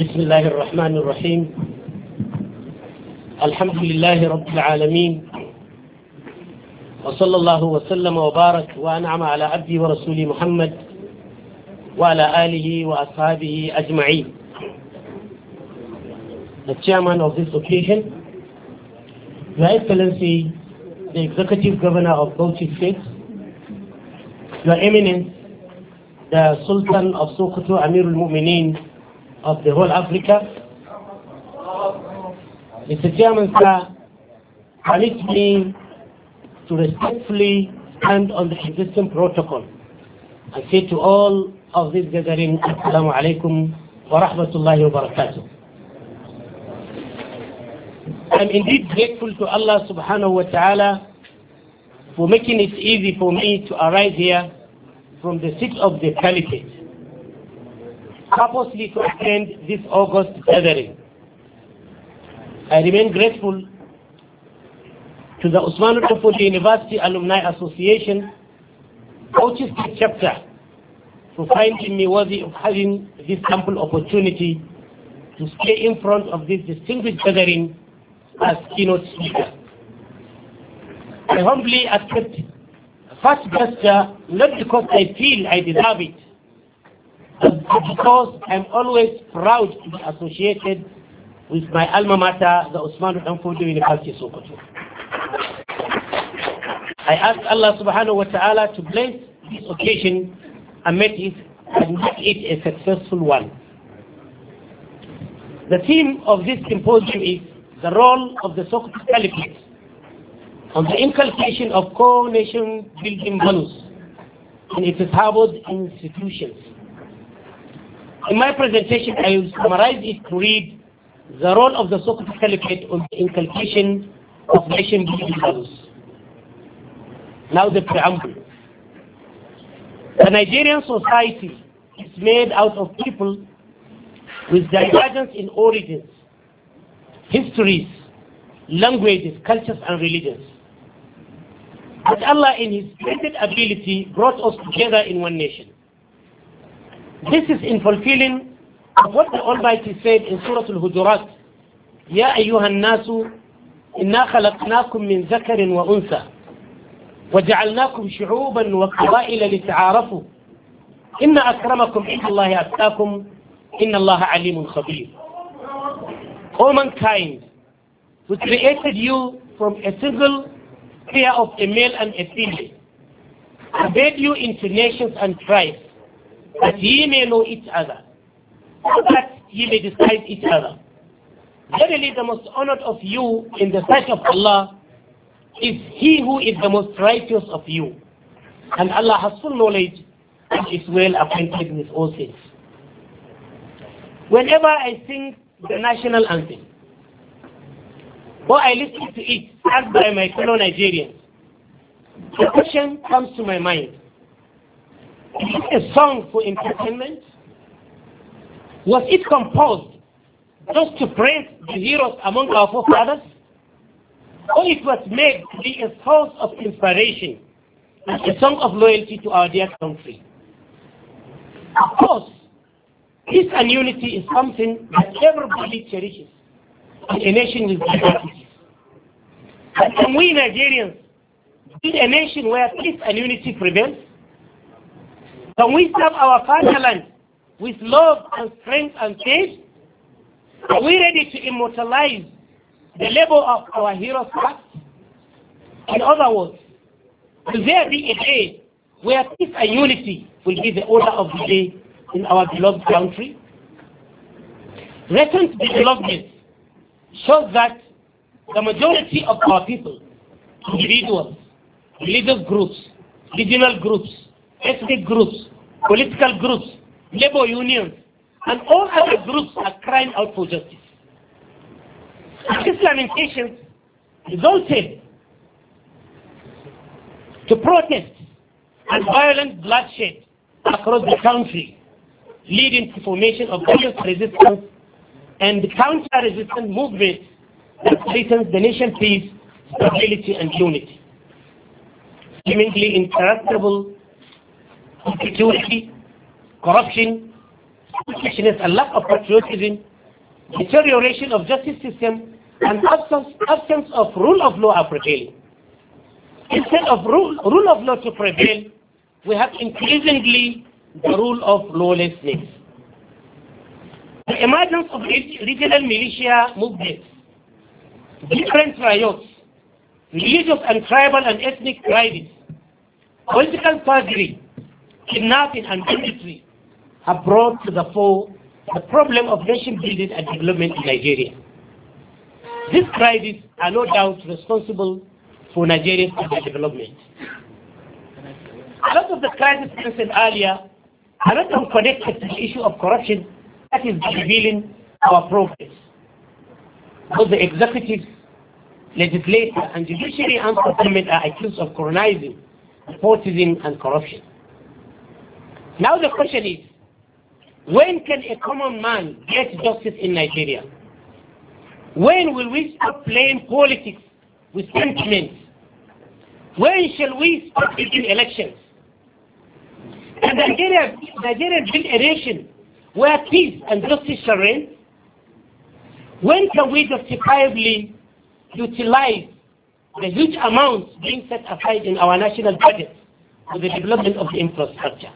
بسم الله الرحمن الرحيم الحمد لله رب العالمين وصلى الله وسلم وبارك وأنعم على عبدي ورسولي محمد وعلى آله وأصحابه أجمعين The chairman of this occasion, Your Excellency, the Executive Governor of Bauchi State, Your Eminence, the Sultan of Sokoto Amirul Mu'mineen, of the whole Africa? Mr. Chairman, sir, permit me to respectfully stand on the existing protocol. I say to all of this gathering, Assalamu alaikum wa rahmatullahi wa barakatuh. I'm indeed grateful to Allah subhanahu wa ta'ala for making it easy for me to arrive here from the seat of the caliphate purposely to attend this August gathering. I remain grateful to the Usman Rufus University Alumni Association, Coaches Chapter, for finding me worthy of having this ample opportunity to stay in front of this distinguished gathering as keynote speaker. I humbly accept first gesture not because I feel I deserve it, because I'm always proud to be associated with my alma mater, the Osman Danfodo University Sokoto. I ask Allah subhanahu wa ta'ala to bless this occasion and make it, and make it a successful one. The theme of this symposium is the role of the Sokoto Caliphate on the inculcation of core nation building values in its harbored institutions. In my presentation, I will summarize it to read the role of the Sokoto Caliphate on the inculcation of nation-building values. Now the preamble. The Nigerian society is made out of people with divergence in origins, histories, languages, cultures, and religions. But Allah, in His greatest ability, brought us together in one nation. This is in fulfilling of what the Almighty said in Surah Al-Hujurat. Ya ayyuhan nasu, inna khalaqnakum min zakarin wa unsa, wa ja'alnakum shu'uban wa qaba'ila li ta'arafu. Inna akramakum inda Allah ya tsakum, inna Allah alimun khabir. All mankind, who created from a single pair of a male and a female, and made you into nations and tribes, that ye may know each other, so that ye may despise each other. Verily, the most honored of you in the sight of Allah is he who is the most righteous of you. And Allah has full knowledge and is well acquainted with all things. Whenever I sing the national anthem, or I listen to it asked by my fellow Nigerians, the question comes to my mind a song for entertainment? Was it composed just to praise the heroes among our forefathers? Or it was made to be a source of inspiration and a song of loyalty to our dear country? Of course, peace and unity is something that everybody cherishes a nation with diversities. And we Nigerians, be a nation where peace and unity prevails, can we serve our fatherland with love and strength and faith. Are we ready to immortalize the labor of our heroes' past? In other words, will there be a day where peace and unity will be the order of the day in our beloved country? Recent developments show that the majority of our people, individuals, religious groups, regional groups, ethnic groups, political groups, labor unions, and all other groups are crying out for justice. These this lamentation resulted to protests and violent bloodshed across the country, leading to formation of various resistance and counter-resistance movements that threatens the nation's peace, stability, and unity. Seemingly intractable insecurity, corruption, selfishness and lack of patriotism, deterioration of justice system, and absence, absence of rule of law are prevailing. Instead of rule, rule of law to prevail, we have increasingly the rule of lawlessness. The emergence of regional militia movements, different riots, religious and tribal and ethnic riots, political surgery, kidnapping and banditry have brought to the fore the problem of nation building and development in Nigeria. These crises are no doubt responsible for Nigeria's development. A lot of the crises mentioned earlier are not unconnected to the issue of corruption that is revealing our progress. Both the executive, legislature, and judiciary and government are accused of colonizing, nepotism, and corruption. Now the question is, when can a common man get justice in Nigeria? When will we stop playing politics with sentiments? When shall we stop taking elections? And Nigeria, Nigeria a nation where peace and justice shall reign. When can we justifiably utilize the huge amounts being set aside in our national budget for the development of the infrastructure?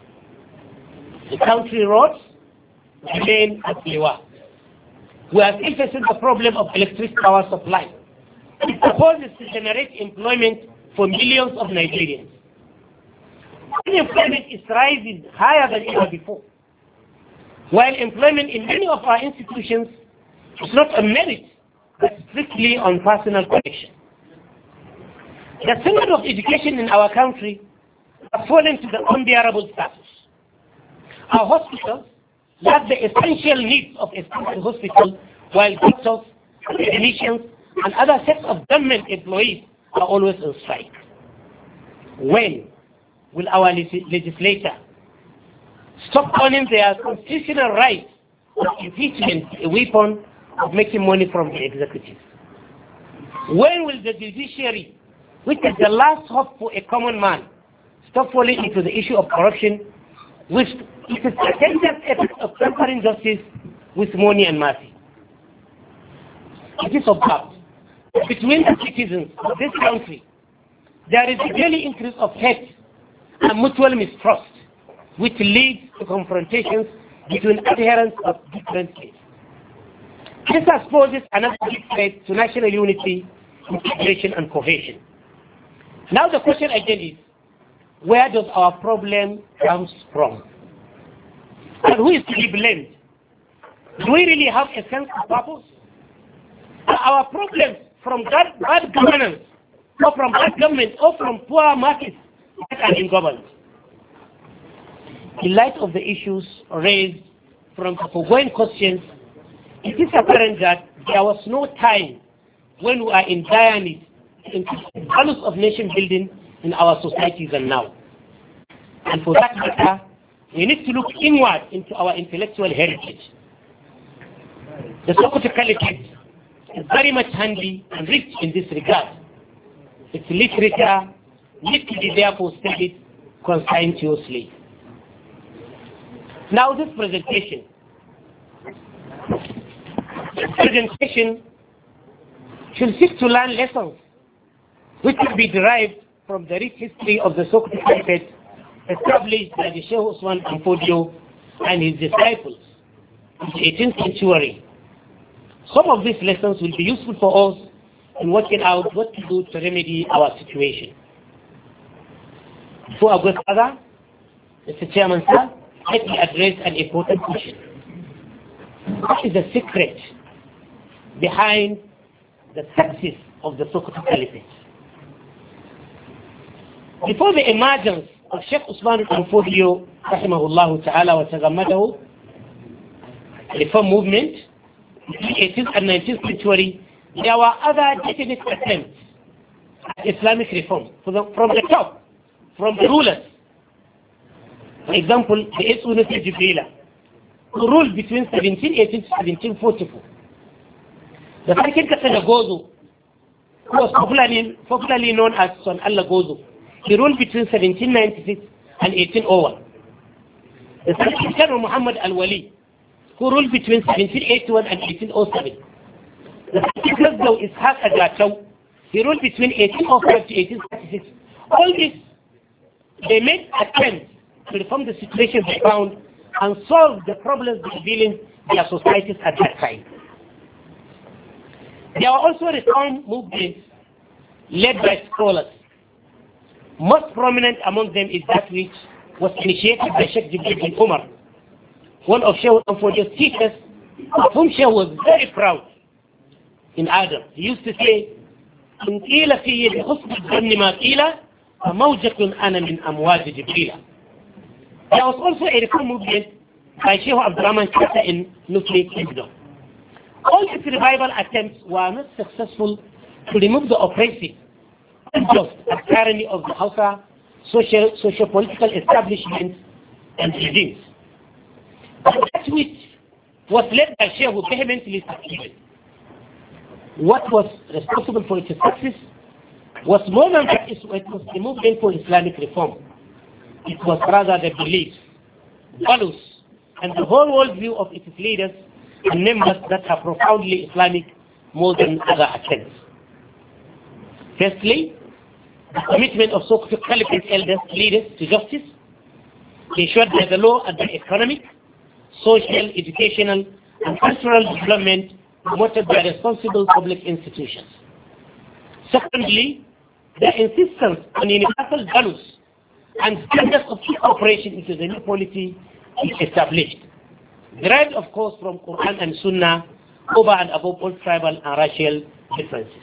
The country roads remain as they were. We are still facing the problem of electric power supply. It proposes to generate employment for millions of Nigerians. Unemployment is rising higher than ever before. While employment in many of our institutions is not a merit, but strictly on personal connection. The standard of education in our country has fallen to the unbearable status our hospitals lack the essential needs of a state hospital, while doctors, clinicians, and other sets of government employees are always on strike. When will our legislature stop calling their constitutional right of impeachment a weapon of making money from the executive? When will the judiciary, which is the last hope for a common man, stop falling into the issue of corruption which is a dangerous effect of tempering justice with money and mercy. It is observed between the citizens of this country, there is a daily increase of hate and mutual mistrust, which leads to confrontations between adherents of different faiths. This exposes another threat to national unity, integration, and cohesion. Now the question again is, where does our problem comes from? And who is to be blamed? Do we really have a sense of purpose? Are our problems from that bad governance, or from bad government, or from poor markets that are in government? In light of the issues raised from the foregoing questions, it is apparent that there was no time when we are in dire need in terms of nation building in our societies and now. And for that matter, we need to look inward into our intellectual heritage. The Sokoto Caliphate is very much handy and rich in this regard. Its literature needs to be therefore studied conscientiously. Now this presentation. This presentation should seek to learn lessons which could be derived from the rich history of the Sokoto Prophet established by the Sheikh Usman Ampodio and his disciples in the 18th century. Some of these lessons will be useful for us in working out what to do to remedy our situation. Before I go further, Mr. Chairman, sir, let me address an important question. What is the secret behind the success of the Sokoto Caliphate? Before the emergence of Sheikh Usman Al-Fodio, rahimahullah ta'ala wa tagammadahu, reform movement, in the 18th and 19th century, there were other definite attempts at Islamic reform from the, from the top, from the rulers. For example, the Esunusi Jibrila, who ruled between 1718 to 1744. The second Kasana Gozo, who was popularly, popularly known as Son Allah Gozo, He ruled between 1796 and 1801. The second Colonel Muhammad Al-Wali, who ruled between 1781 and 1807. The second Colonel Ishaq Agachow, he ruled between 1805 to 1836. All this, they made attempts to reform the situation they found and solve the problems revealing their societies at that time. There were also reform movements led by scholars most prominent among them is that which was initiated by Sheikh Jibril bin Umar, one of Sheikh Al-Fawjah's teachers, of whom Sheikh was very proud in Adam. He used to say, إن قيل في بحسن الظن ما قيل فموجة أنا من أمواج جبريل. There was also a reform movement by Sheikh Abdurrahman Kata in Nuclear Kingdom. All these revival attempts were not successful to remove the oppressive just a tyranny of the Hausa social, socio-political establishment and regimes. That which was led by Shia who vehemently succeeded. What was responsible for its success was more than that it was the movement for Islamic reform. It was rather the beliefs, values, and the whole worldview of its leaders and members that are profoundly Islamic more than other attempts. Firstly, the commitment of Sokoto Caliphate elders, leaders to justice, ensured that the law and the economic, social, educational, and cultural development promoted by responsible public institutions. Secondly, the insistence on universal values and standards of cooperation into the new policy is established, derived of course from Quran and Sunnah over and above all tribal and racial differences.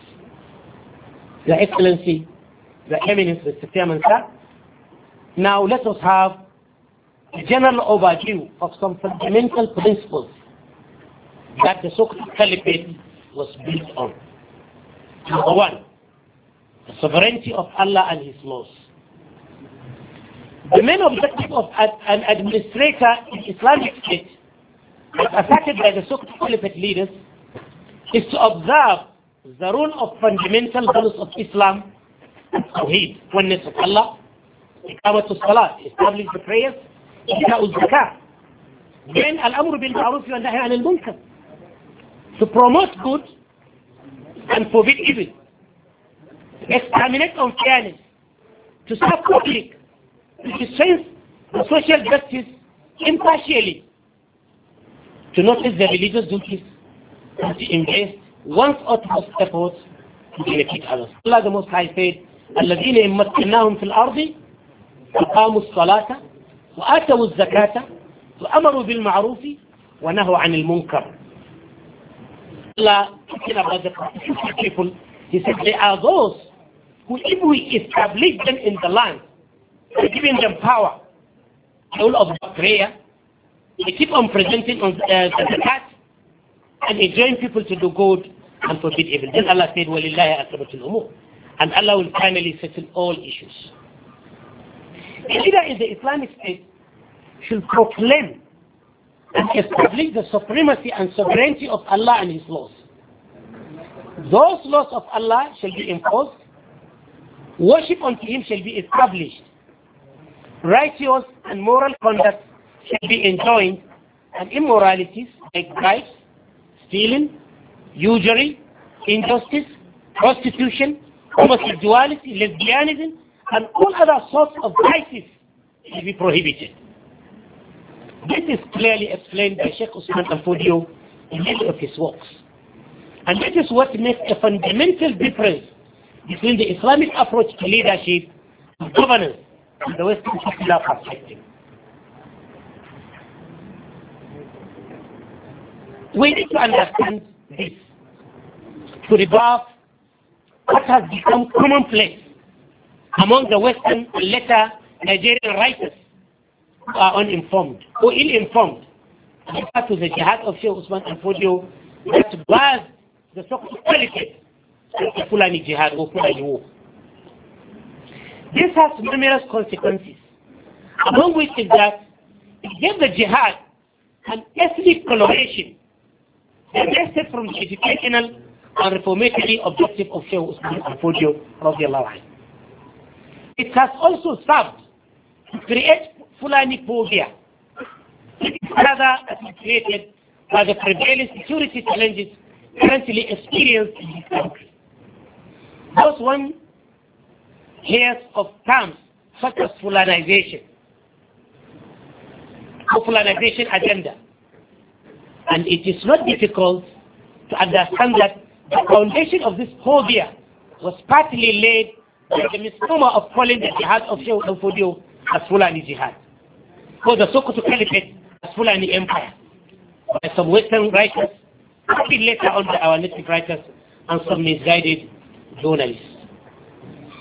Your Excellency, the eminence of the chairman, sir. Now let us have a general overview of some fundamental principles that the Sokoto Caliphate was built on. Number one, the sovereignty of Allah and His laws. The main objective of an administrator in Islamic State, as asserted by the Sokoto Caliphate leaders, is to observe the rule of fundamental values of Islam التوحيد oneness of Allah إقامة الصلاة establish the prayers إيتاء الزكاة then الأمر بالمعروف والنهي عن المنكر to promote good and forbid evil exterminate unfairness to serve public to strengthen social justice impartially to notice the religious duties and to invest one's utmost efforts to benefit others. Allah the Most High said, الذين إن مكناهم في الأرض أقاموا الصلاة وآتوا الزكاة وأمروا بالمعروف ونهوا عن المنكر لا kira بعد the people. He said, they are those who if we establish them in the land, giving them power, all of the prayer, they keep on presenting on uh, the zakat, and they join people to do good and forbid evil. Then Allah said, وَلِلَّهِ أَسْرَبَتُ الْأُمُورِ and Allah will finally settle all issues. The is in the Islamic State should proclaim and establish the supremacy and sovereignty of Allah and His laws. Those laws of Allah shall be enforced, worship unto Him shall be established, righteous and moral conduct shall be enjoined, and immoralities like bribes, stealing, usury, injustice, prostitution, homosexuality, lesbianism, and all other sorts of vices will be prohibited. This is clearly explained by Sheikh Usman Al-Fudio in many of his works. And this is what makes a fundamental difference between the Islamic approach to leadership and governance and the Western secular perspective. We need to understand this to rebuff what has become commonplace among the Western and later Nigerian writers who are uninformed or ill-informed compared to the jihad of Sheikh Usman and Fodio that bars the so-called quality of the Fulani jihad or Fulani war. This has numerous consequences, among which is that it gave the jihad an ethnic coloration divested from the educational and reformatory objective of Sheikh Usman al-Fodio It has also served to create Fulani phobia, rather created by the prevailing security challenges currently experienced in this country. Those one hears of terms such as fulanization, fulanization agenda, and it is not difficult to understand that The foundation of this whole was partly laid by the misnomer of calling the jihad of Sheikh Al-Fudio as Fulani jihad, or the Sokoto Caliphate as Fulani Empire, by some Western writers, partly later on by our native writers, and some misguided journalists.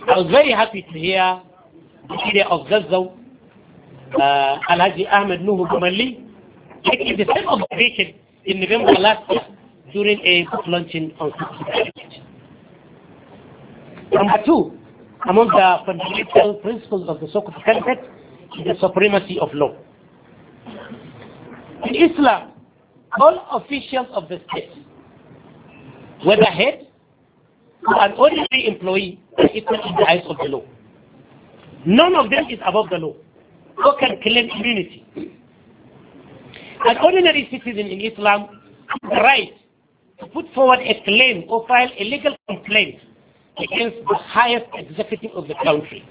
I was very happy to hear the leader of Zazzau, uh, Alhaji Ahmed Nuhu Gumalli, making the same observation in November last year during a launching on Number two, among the fundamental principles of the Sokoto Caliphate is the supremacy of law. In Islam, all officials of the state, whether head or an ordinary employee, are equal in the eyes of the law. None of them is above the law or can claim immunity. An ordinary citizen in Islam has the right to put forward a claim or file a legal complaint against the highest executive of the country.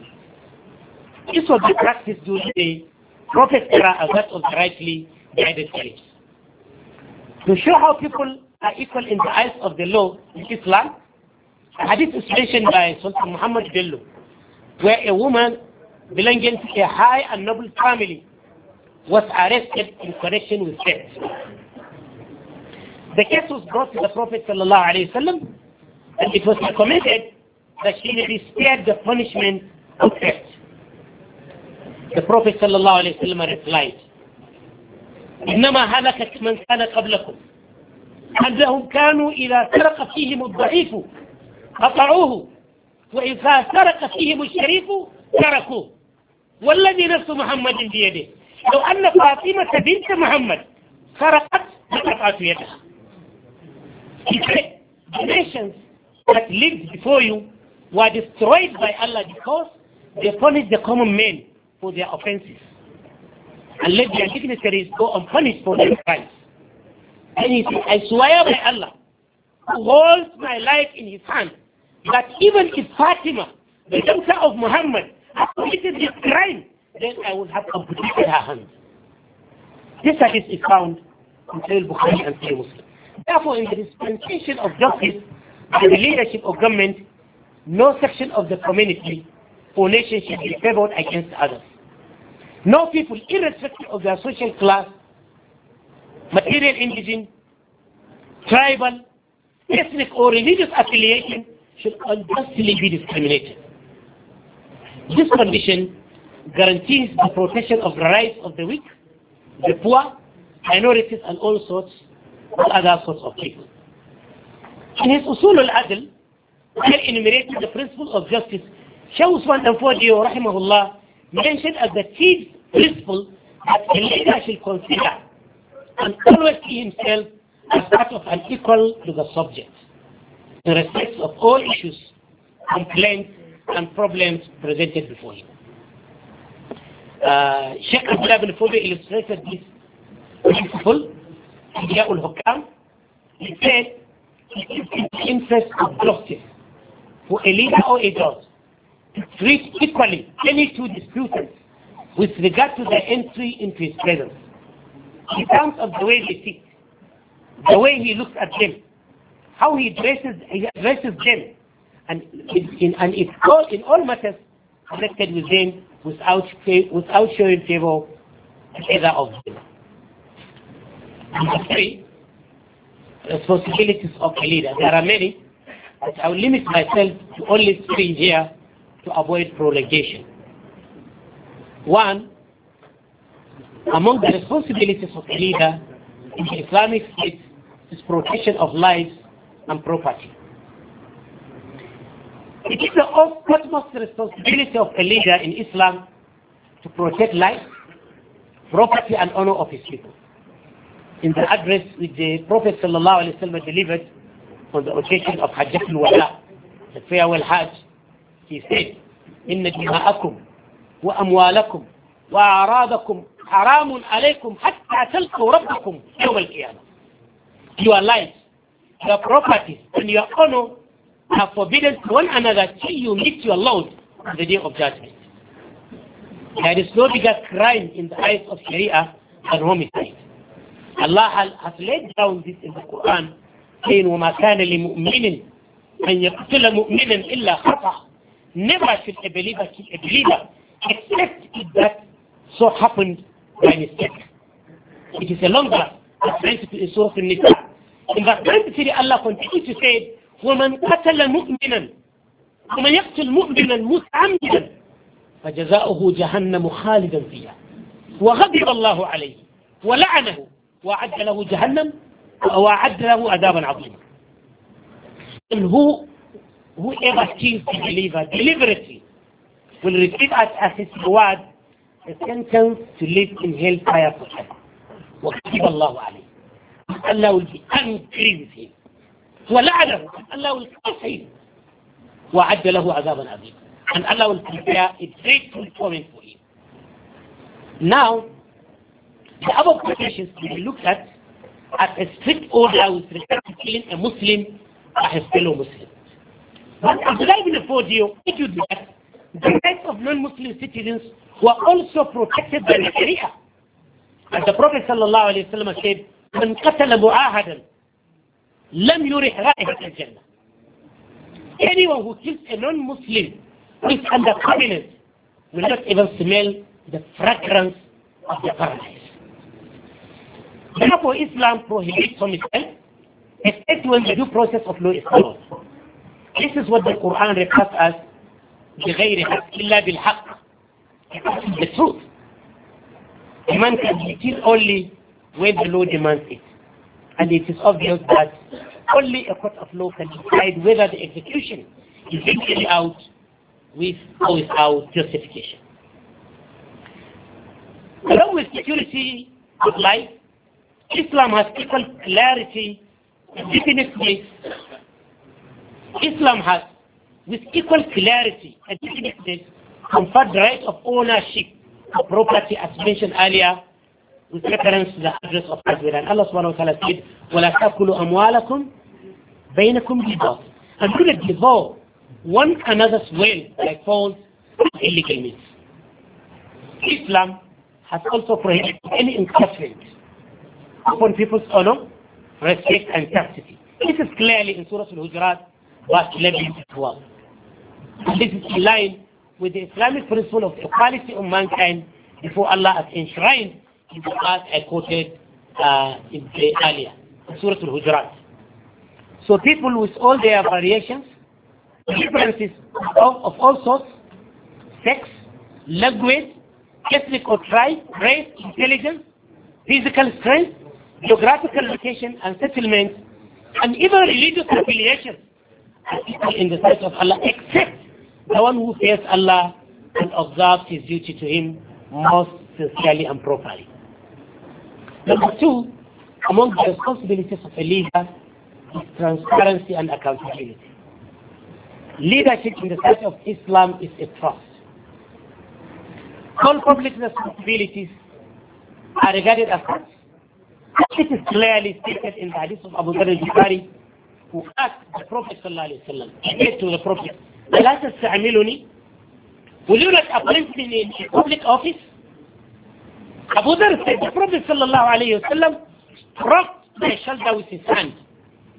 This was the practice during the Prophet era as that of the rightly guided caliphs. To show how people are equal in the eyes of the law in Islam, a hadith is mentioned by Sultan Muhammad Bello, where a woman belonging to a high and noble family was arrested in connection with theft. The case was brought to the Prophet sallallahu alayhi wa sallam and it was recommended that she may be spared the punishment of death. The Prophet sallallahu alayhi wa sallam replied, إنما هلكت من كان قبلكم أنهم كانوا إذا سرق فيهم الضعيف قطعوه وإذا سرق فيهم الشريف تركوه والذي نفس محمد بيده لو أن فاطمة بنت محمد سرقت لقطعت يدها He said, the nations that lived before you were destroyed by Allah because they punished the common men for their offenses and let their dignitaries go unpunished for their crimes. And he said, I swear by Allah, who holds my life in his hand, that even if Fatima, the daughter of Muhammad, had committed this crime, then I would have in her hand. This hadith is found in Sahih Bukhari and Sahih Muslim. Therefore, in the dispensation of justice the leadership of government, no section of the community or nation should be favored against others. No people, irrespective of their social class, material indigene, tribal, ethnic or religious affiliation, should unjustly be discriminated. This condition guarantees the protection of the rights of the weak, the poor, minorities, and all sorts all other sorts of things. In his Usul al-Adl, while enumerating the principle of justice, Shaykh Usman Danfodiyo, rahimahullah, mentioned as the chief principle that a leader should consider and always see himself as part of an equal to the subject in respect of all issues, complaints, and problems presented before him. Uh, Sheikh Abdullah bin illustrated this principle the al-Hukam, he said, in the interest of justice for a leader or a judge to treat equally any two disputants with regard to their entry into his presence. In terms of the way they sit, the way he looks at them, how he addresses, he addresses them, and, in, and it's all, in all matters connected with them without, without showing favor to either of them. Number three, responsibilities of a leader. There are many, but I will limit myself to only three here to avoid prolongation. One, among the responsibilities of a leader in the Islamic State is protection of lives and property. It is the utmost responsibility of a leader in Islam to protect life, property, and honor of his people. in the address which the Prophet sallallahu wa sallam delivered on the occasion of Hajj al-Wada, the farewell Hajj, he said, إن دماءكم وأموالكم وأعراضكم حرام عليكم حتى تلقوا ربكم يوم القيامة. Your lives, your properties, and your honor are forbidden to one another till you meet your Lord on the day of judgment. There is no bigger crime in the eyes of Sharia than homicide. الله has laid down this in the Quran saying وما كان لمؤمن أن يقتل مؤمنا إلا خطأ never should a believer kill a believer except if that so happened by mistake it is a long verse that's principle in Surah An-Nisa in verse 23 Allah continues to say ومن قتل مؤمنا ومن يقتل مؤمنا متعمدا فجزاؤه جهنم خالدا فيها وغضب الله عليه ولعنه وأعد له جهنم وأعد له عذابا عظيما And who, whoever kills to deliver deliberately will receive as, as his reward a sentence to live in hell hellfire forever. وكتب الله عليه. الله will be angry with him. ولعنه. الله will curse him. وأعد له عذابا عظيما. And Allah will prepare a dreadful torment for him. Now, The above quotations will be looked at as a strict order with respect to killing a Muslim or his fellow Muslim. But Abdullah ibn Fodio argued that the rights of non-Muslim citizens were also protected by the Sharia. As the Prophet ﷺ said, من قتل معاهدا لم يرح رائحة الجنة. Anyone who kills a non-Muslim is under covenant will not even smell the fragrance of the paradise. Therefore, Islam prohibits homicide, except when the due process of law is followed. This is what the Quran refers as بغير حق إلا بالحق. The truth. A man can be killed only when the law demands it. And it is obvious that only a court of law can decide whether the execution is legally carried out with or without justification. Along with security of life, Islam has equal clarity and definiteness. Islam has, with equal clarity and definiteness, conferred the right of ownership of property as mentioned earlier with reference to the address of Israel. And Allah subhanahu wa ta'ala said, وَلَا تَأْكُلُوا أَمْوَالَكُمْ بَيْنَكُمْ بِالْبَاطِلِ And do not devour one another's wealth by false illegal means. Islam has also prohibited any encouragement upon people's honor, respect and chastity. This is clearly in Surah Al-Hujurat, verse 11 to 12. This is in line with the Islamic principle of equality of mankind before Allah as enshrined in the verse I quoted uh, in the earlier, Surah Al-Hujurat. So people with all their variations, differences of, of all sorts, sex, language, ethnic or tribe, race, intelligence, physical strength, geographical location and settlement, and even religious affiliation are equal in the sight of Allah, except the one who fears Allah and observes his duty to Him most sincerely and properly. Number two, among the responsibilities of a leader is transparency and accountability. Leadership in the sight of Islam is a trust. All public responsibilities are regarded as such It is clearly stated in the hadith of Abu Dhar al-Bukhari who asked the Prophet sallallahu alayhi wa sallam, he said to the Prophet, أَلَا تَسْتَعْمِلُنِي Will you not appoint me in a public office? Abu Dhar said, the Prophet sallallahu alayhi wa sallam struck my shoulder with his hand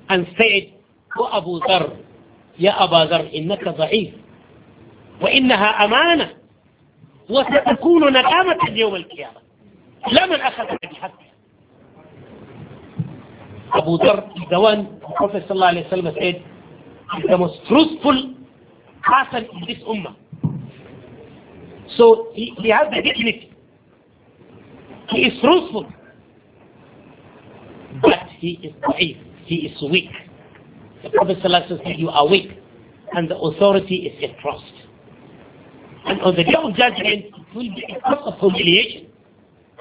and said, O Abu Dhar, Ya يا أبا ذر إنك ضعيف وإنها أمانة وستكون ندامة يوم القيامة لا من أخذ بحق Abu Dhar is the one the Prophet ﷺ said is the most truthful person in this ummah. So he, he has the dignity. He is truthful. But he is naive. He is weak. The Prophet ﷺ said, you are weak. And the authority is a trust. And on the day of judgment, it will be a cause of humiliation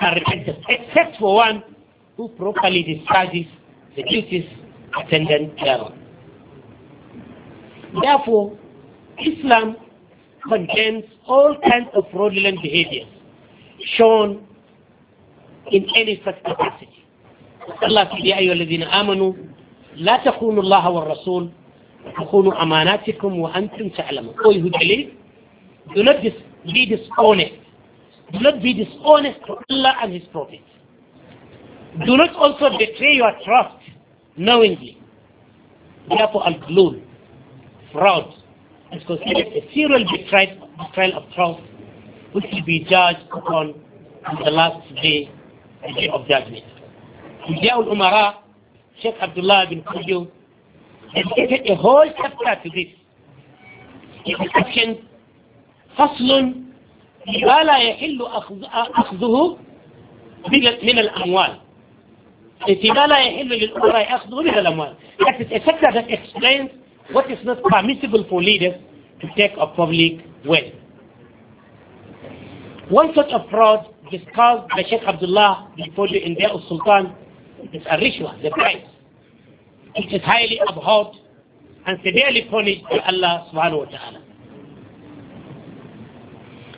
and repentance, except for one who properly discharges the is attendant thereon. Therefore, Islam condemns all kinds of fraudulent behaviors shown in any such capacity. Allah يا أيها الذين آمنوا لا تخونوا الله والرسول تخونوا أماناتكم وأنتم تعلمون do not be dishonest do not be dishonest to Allah and his prophet do not also betray your trust knowingly. Therefore, al-glul, fraud, is considered a serial betrayal of trust, which will be judged upon on the last day, the day of judgment. Ija'ul Umara, Sheikh Abdullah bin Qudyu, dedicated a whole chapter to this. In the section, فصل ما لا يحل أخذه من الأموال فيما لا يحل للأمراء الأموال that is a fact that explains what is not permissible for leaders to take of public wealth one such of fraud discussed by Sheikh Abdullah before the India of Sultan is a ritual, the price. It is highly abhorred and severely punished by Allah subhanahu wa ta'ala.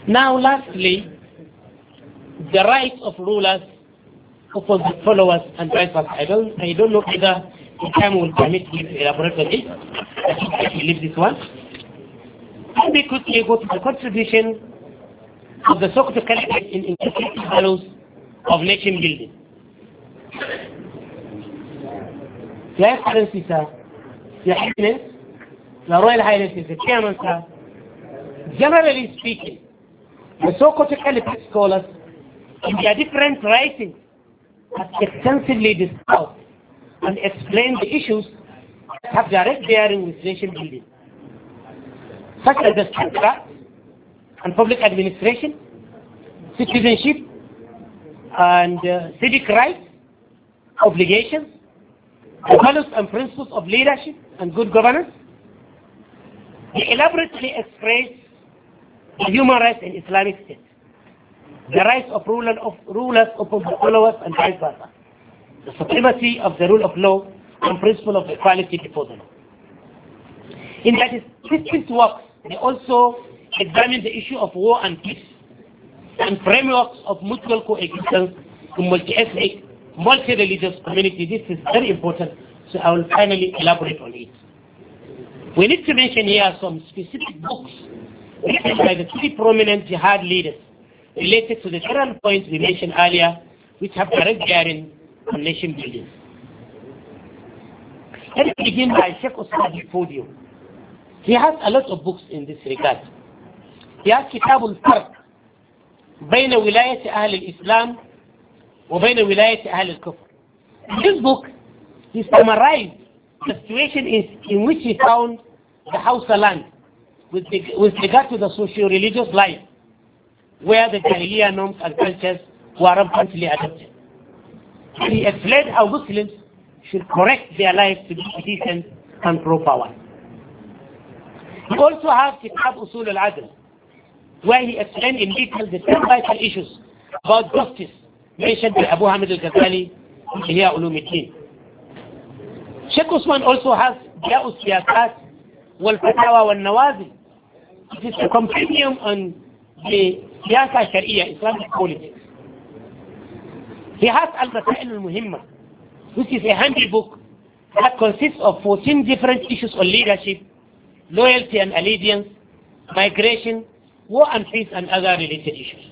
Now lastly, the rights of rulers opposite followers and vice versa. I don't, I don't know whether the time will permit me to elaborate on this. I think I will leave this one. Let me quickly go to the contribution of the Sokoto Caliphate in increasing values of nation building. Your Excellency, sir, Your Highness, Your Royal Highness, the Chairman, sir, generally speaking, the Sokoto Caliphate scholars in their different writings has extensively discussed and explained the issues that have direct bearing with nation building, such as the structure and public administration, citizenship and uh, civic rights, obligations, the values and principles of leadership and good governance. He elaborately expressed the human rights in Islamic State the rights of ruler of rulers upon the followers and vice versa. The supremacy of the rule of law and principle of equality before the law. In that Christian's works, they also examine the issue of war and peace and frameworks of mutual coexistence in multi-ethnic, multi-religious community. This is very important, so I will finally elaborate on it. We need to mention here some specific books written by the three prominent jihad leaders related to the several points we mentioned earlier, which have direct bearing on nation building. Let us begin by Sheikh Osman Fodio. He has a lot of books in this regard. He has Kitab al-Farq بين ولاية أهل الإسلام وبين Ahl أهل Kufr. In this book, he summarized the situation in, in which he found the of land with, the, with regard to the socio-religious life where the Jahiliya norms and cultures were rampantly adopted. He explained how Muslims should correct their lives to be decent and proper ones. He also has Kitab Usul al-Adl, where he explained in detail the ten vital issues about justice mentioned by Abu Hamid al-Ghazali in Ihya Sheikh Usman also has Ja'u Siyasat wal-Fatawa wal nawazi It is a compendium on the سياسة شرعية Islamic politics He has al-Masail muhimma which is a handy book that consists of 14 different issues on leadership, loyalty and allegiance, migration, war and peace and other related issues.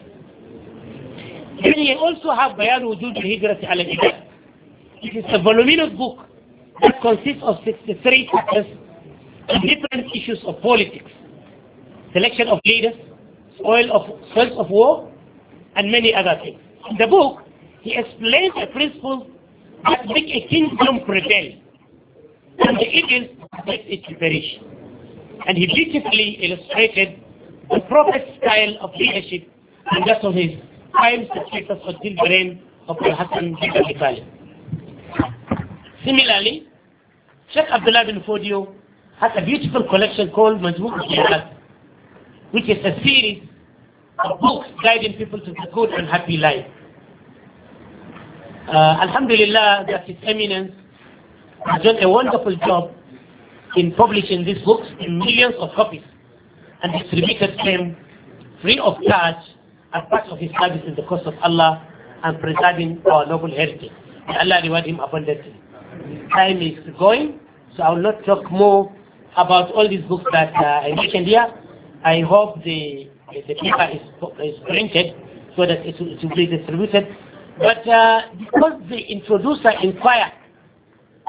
Then you also have Bayan Wujud al-Hijrat al-Ibadah. It is a voluminous book that consists of 63 chapters on different issues of politics, selection of leaders, Oil of, oil of war, and many other things. In the book, he explains the principles that make a kingdom prevail, and the evils that it perish. And he beautifully illustrated the prophet's style of leadership, and just of his five successors for the reign of Al-Hassan bin Abi Similarly, Sheikh Abdullah bin Fodio has a beautiful collection called Majmu' al which is a series a book guiding people to a good and happy life. Uh, Alhamdulillah that His Eminence has done a wonderful job in publishing these books in millions of copies and distributed them free of charge as part of his service in the cause of Allah and preserving our noble heritage. May Allah reward him abundantly. Time is going, so I will not talk more about all these books that uh, I mentioned here. I hope the the paper is, is printed so that it, it will be distributed. But uh, because the introducer inquired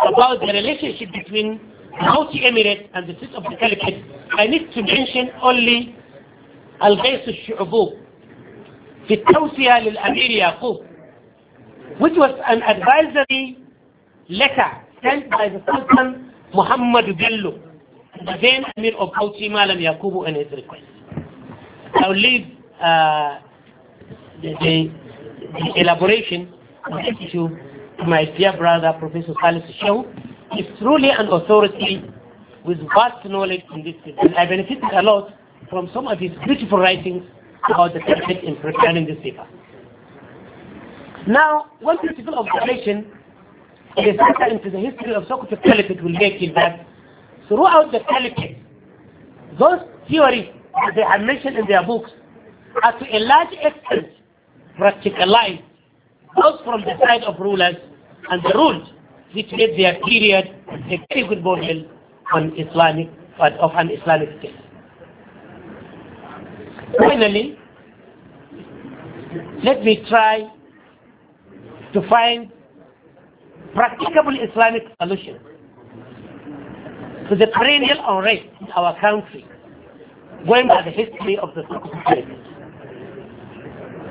about the relationship between the Houthi Emirate and the state of the Caliphate, I need to mention only Al-Ghais al-Shu'bub في التوصية which was an advisory letter sent by the Sultan Muhammad Bello the then Amir of Houthi Malam Yakubu and his request. I will leave uh, the, the, the, elaboration of this issue to my dear brother, Professor Salis Shehu. He's truly an authority with vast knowledge in this field. And I benefited a lot from some of his beautiful writings about the subject in preparing this paper. Now, one of observation is that into the history of Sokoto Caliphate will make it that throughout the Caliphate, those theories as they have mentioned in their books, are to a large extent practicalized both from the side of rulers and the ruled, which made their period a very good model on Islamic, of an Islamic state. Finally, let me try to find practicable Islamic solutions to the perennial unrest in our country going by the history of the society.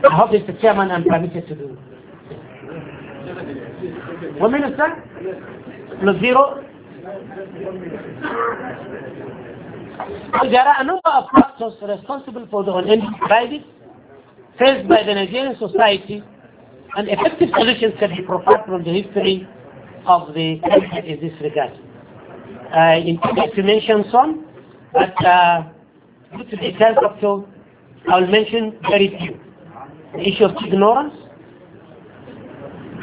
I hope Mr. Chairman I'm permitted to do. One minute, sir? Plus zero? there are a number of factors responsible for the unending crisis faced by the Nigerian society and effective solutions can be provided from the history of the country in this regard. I intended to mention some, but uh, Due to the extent of I will mention very few. The issue of ignorance,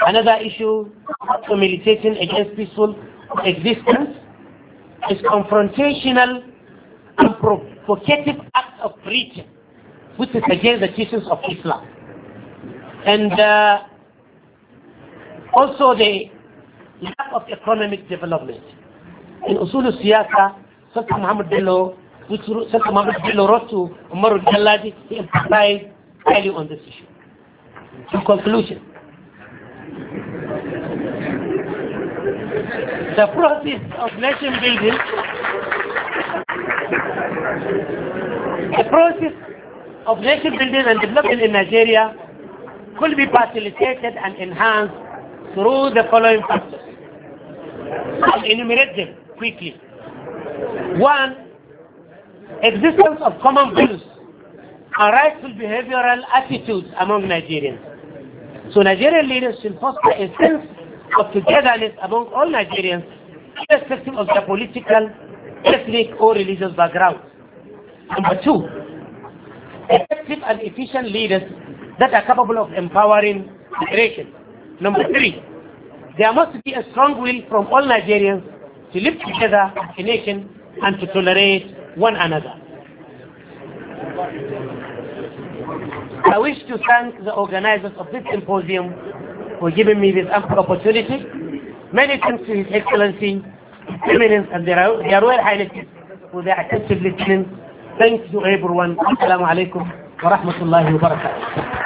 another issue of militating against peaceful existence, is confrontational and provocative acts of preaching, which is against the teachings of Islam. And uh, also the lack of economic development. In Usul Siyasa, Sultan Muhammad Bello which Sultan Muhammad Bello wrote to Umar al-Jalladi, he emphasized highly on this issue. In conclusion, the process of nation building, the process of nation building and development in Nigeria could be facilitated and enhanced through the following factors. I'll enumerate them quickly. One, existence of common values and rightful behavioral attitudes among Nigerians. So Nigerian leaders should foster a sense of togetherness among all Nigerians, irrespective of their political, ethnic, or religious background. Number two, effective and efficient leaders that are capable of empowering the nation. Number three, there must be a strong will from all Nigerians to live together as a nation and to tolerate one another. I wish to thank the organizers of this symposium for giving me this ample opportunity. Many thanks to His Excellency, His Eminence, and their, their Royal Highnesses for their attentive listening. Thanks to everyone. Assalamu alaikum wa rahmatullahi wa barakatuh.